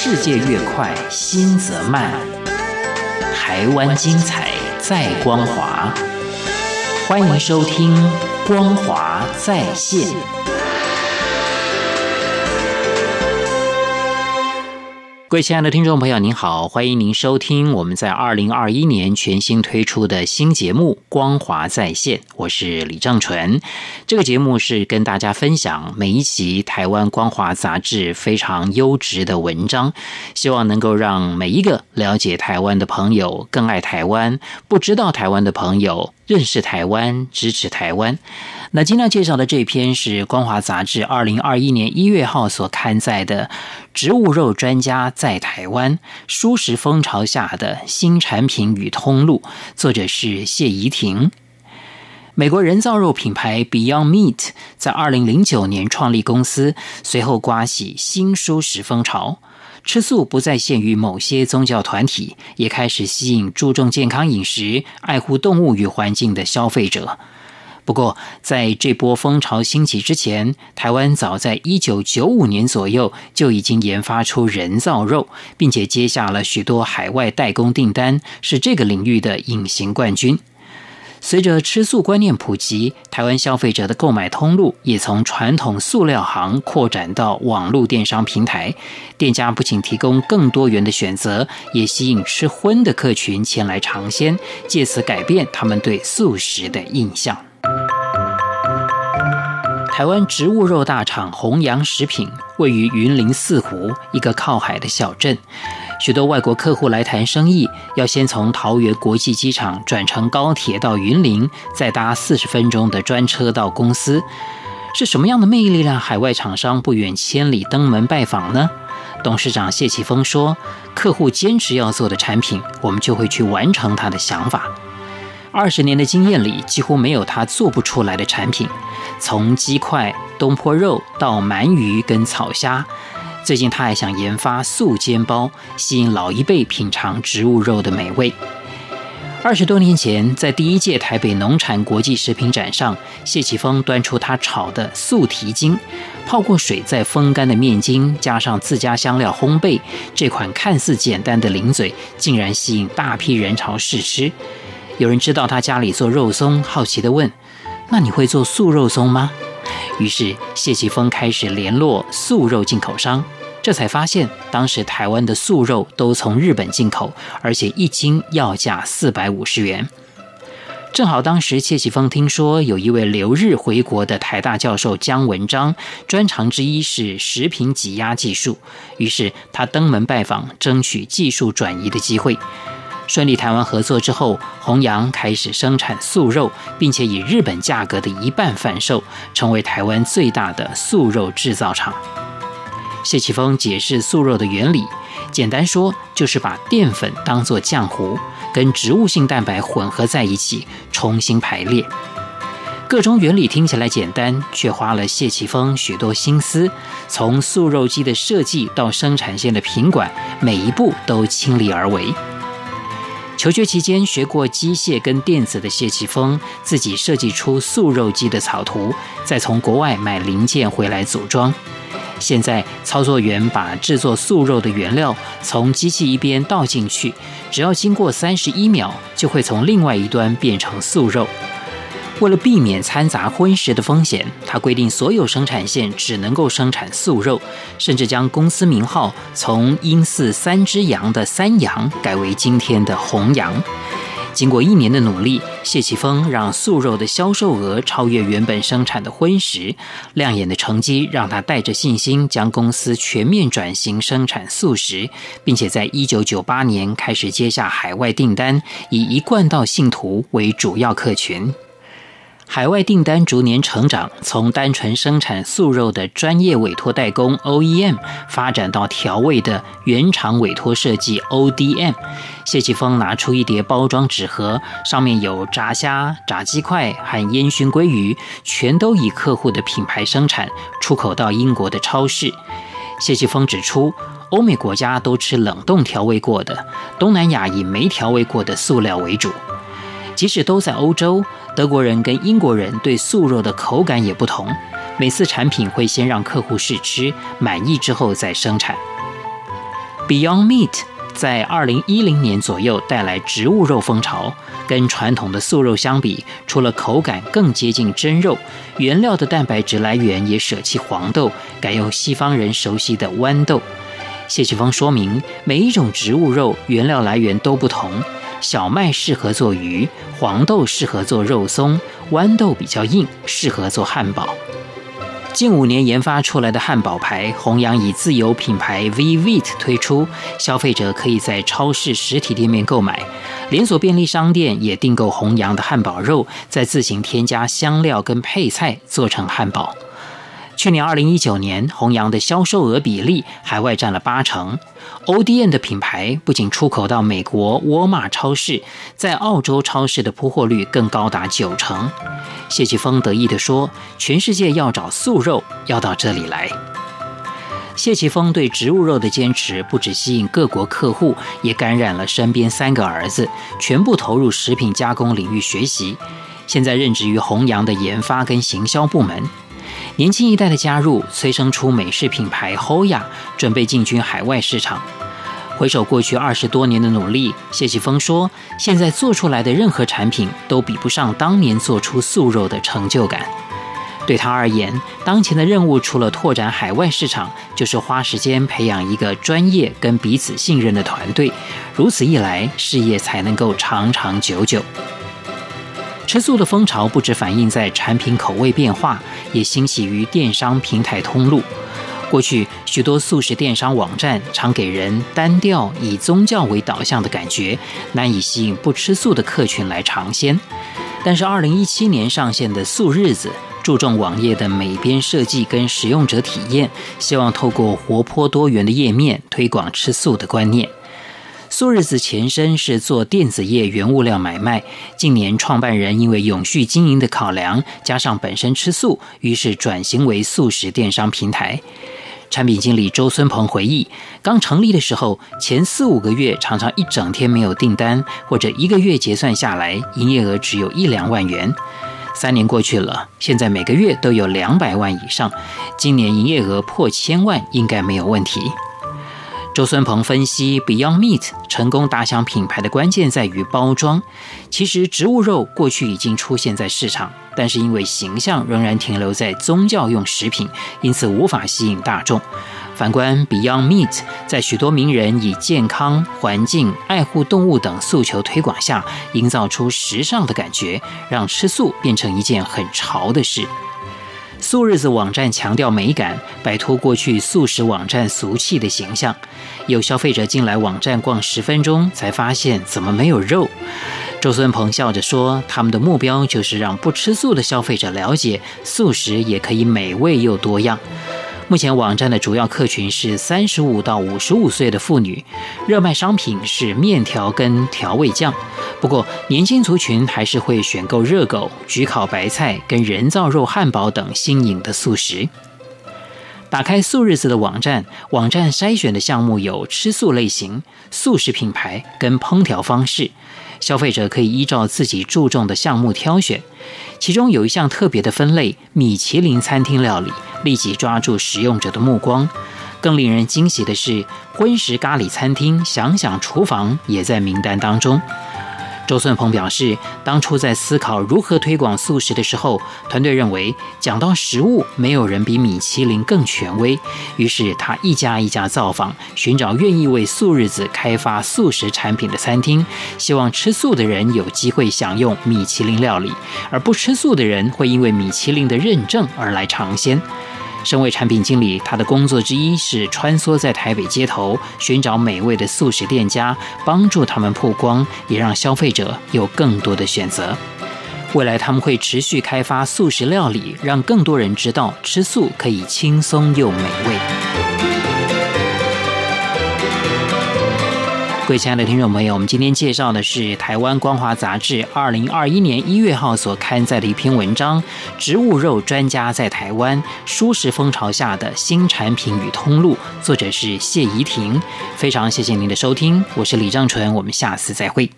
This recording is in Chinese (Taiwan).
世界越快，心則慢。台灣精彩，在光華。歡迎收聽《光華再現》。各位親愛的聽眾朋友，您好，歡迎您收聽我們在二零二一年全新推出的新節目《光華在線》，我是李正淳。這個節目是跟大家分享每一期台灣《光華》雜誌非常優質的文章，希望能夠讓每一個了解台灣的朋友更愛台灣，不知道台灣的朋友認識台灣，支持台灣。那今天介紹的這篇是《光華》雜誌二零二一年一月號所刊載的植物肉專家。在臺灣，蔬食風潮下的新產品與通路，作者是謝宜婷。美國人造肉品牌 Beyond Meat 在二零零九年創立公司，隨後颳起新蔬食風潮。吃素不再限於某些宗教團體，也開始吸引注重健康飲食、愛護動物與環境的消費者。不過，在這波風潮興起之前，台灣早在1995年左右就已經研發出人造肉，並且接下了許多海外代工訂單，是這個領域的隱形冠軍。隨着吃素觀念普及，台灣消費者的購買通路也從傳統素料行擴展到網絡電商平台，店家不僅提供更多元的選擇，也吸引吃葷的客群前來嘗鮮，借此改變他們對素食的印象。台灣植物肉大廠弘陽食品位於雲林四湖一個靠海的小鎮，許多外國客戶來談生意，要先從桃園國際機場轉乘高鐵到雲林，再搭四十分鐘的專車到公司。是什麼樣的魅力讓海外廠商不遠千里登門拜訪呢？董事長謝奇峰說：“客戶堅持要做的產品，我們就會去完成他的想法。二十年的經驗裡，幾乎沒有他做不出來的產品。”從雞塊、東坡肉到鰻魚跟草蝦，最近他還想研發素煎包，吸引老一輩品嚐植物肉的美味。二十多年前，在第一屆台北農產國際食品展上，謝奇峰端出他炒的素蹄筋，泡過水再風乾的麵筋，加上自家香料烘焙，這款看似簡單的零嘴，竟然吸引大批人潮試吃。有人知道他家裡做肉鬆，好奇地問。那你會做素肉鬆嗎？於是謝奇峰開始聯絡素肉進口商，這才發現當時台灣的素肉都從日本進口，而且一斤要價四百五十元。正好當時謝奇峰聽說有一位留日回國的台大教授江文章，專長之一是食品擠壓技術，於是他登門拜訪，爭取技術轉移的機會。順利談完合作之後，弘洋開始生產素肉，並且以日本價格的一半販售，成為台灣最大的素肉製造廠。謝奇峰解釋素肉的原理，簡單說就是把澱粉當作漿糊，跟植物性蛋白混合在一起，重新排列。各種原理聽起來簡單，卻花了謝奇峰許多心思，從素肉機的設計到生產線的品管，每一步都親力而為。求學期間學過機械跟電子的謝奇峰自己設計出素肉機的草圖，再從國外買零件回來組裝。現在操作員把製作素肉的原料從機器一邊倒進去，只要經過三十一秒，就會從另外一端變成素肉。為了避免摻雜葷食的風險，他規定所有生產線只能夠生產素肉，甚至將公司名號從“陰飼三隻羊”的“三羊”改為今天的“紅羊”。經過一年的努力，謝奇峰讓素肉的銷售額超越原本生產的葷食，亮眼的成績讓他帶着信心將公司全面轉型生產素食，並且在一九九八年開始接下海外訂單，以一貫道信徒為主要客群。海外訂單逐年成長，從單純生產素肉的專業委托代工 （OEM） 發展到調味的原廠委托設計 （ODM）。謝奇峰拿出一疊包裝紙盒，上面有炸蝦、炸雞塊和煙燻鮭魚，全都以客戶的品牌生產，出口到英國的超市。謝奇峰指出，歐美國家都吃冷凍調味過的，東南亞以沒調味過的素料為主。即使都在歐洲，德國人跟英國人對素肉的口感也不同。每次產品會先讓客戶試吃，滿意之後再生產。Beyond Meat 在2010年左右帶來植物肉風潮，跟傳統的素肉相比，除了口感更接近真肉，原料的蛋白質來源也捨棄黃豆，改用西方人熟悉的豌豆。謝啟峰說明，每一種植物肉原料來源都不同。小麥適合做魚，黃豆適合做肉鬆，豌豆比較硬，適合做漢堡。近五年研發出來的漢堡牌，弘揚以自有品牌 VVIT 推出，消費者可以在超市實體店面購買，連鎖便利商店也訂購弘揚的漢堡肉，再自行添加香料跟配菜做成漢堡。去年二零一九年，弘陽的銷售額比例海外占了八成。ODM 的品牌不僅出口到美國、沃爾瑪超市，在澳洲超市的鋪貨率更高達九成。謝奇峰得意地說：“全世界要找素肉，要到這裡來。”謝奇峰對植物肉的堅持，不止吸引各國客戶，也感染了身邊三個兒子，全部投入食品加工領域學習。現在任職於弘陽的研發跟行銷部門。年輕一代的加入催生出美式品牌 Hoya，準備進軍海外市場。回首過去二十多年的努力，謝啟峰說：“現在做出來的任何產品都比不上當年做出素肉的成就感。”對他而言，當前的任務除了拓展海外市場，就是花時間培養一個專業跟彼此信任的團隊。如此一來，事業才能夠長長久久。吃素的風潮不止反映在產品口味變化，也興起於電商平台通路。過去許多素食電商網站常給人單調、以宗教為導向的感覺，難以吸引不吃素的客群來嘗鮮。但是，二零一七年上線的“素日子”注重網頁的美編設計跟使用者體驗，希望透過活潑多元的頁面推廣吃素的觀念。素日子前身是做電子業原物料買賣，近年創辦人因為永續經營的考量，加上本身吃素，於是轉型為素食電商平台。產品經理周孫鵬回憶，剛成立的時候，前四五個月常常一整天沒有訂單，或者一個月結算下來，營業額只有一兩萬元。三年過去了，現在每個月都有兩百萬以上，今年營業額破千萬應該沒有問題。周孫鵬分析，Beyond Meat 成功打響品牌的關鍵在於包裝。其實，植物肉過去已經出現在市場，但是因為形象仍然停留在宗教用食品，因此無法吸引大眾。反觀 Beyond Meat，在許多名人以健康、環境、愛護動物等訴求推廣下，營造出時尚的感覺，讓吃素變成一件很潮的事。素日子網站強調美感，擺脫過去素食網站俗氣的形象。有消費者進來網站逛十分鐘，才發現怎麼沒有肉。周孫鵬笑着說：“他們的目標就是讓不吃素的消費者了解，素食也可以美味又多樣。”目前網站的主要客群是三十五到五十五歲的婦女，熱賣商品是麵條跟調味醬。不過，年輕族群還是會選購熱狗、焗烤白菜跟人造肉漢堡等新穎的素食。打開素日子的網站，網站篩選的項目有吃素類型、素食品牌跟烹調方式，消費者可以依照自己注重的項目挑選。其中有一項特別的分類——米其林餐廳料理。立即抓住使用者的目光。更令人驚喜的是，葷食咖喱餐廳“想想廚房”也在名單當中。周順鵬表示，當初在思考如何推廣素食的時候，團隊認為講到食物，沒有人比米其林更權威。於是他一家一家造訪，尋找願意為素日子開發素食產品的餐廳，希望吃素的人有機會享用米其林料理，而不吃素的人會因為米其林的認證而來嘗鮮。身為產品經理，他的工作之一是穿梭在台北街頭，尋找美味的素食店家，幫助他們曝光，也讓消費者有更多的選擇。未來他們會持續開發素食料理，讓更多人知道吃素可以輕鬆又美味。各位親愛的聽眾朋友，我們今天介紹的是台灣光華雜誌二零二一年一月號所刊載的一篇文章《植物肉專家在台灣：蔬食風潮下的新產品與通路》，作者是謝宜婷。非常謝謝您的收聽，我是李章純，我們下次再會。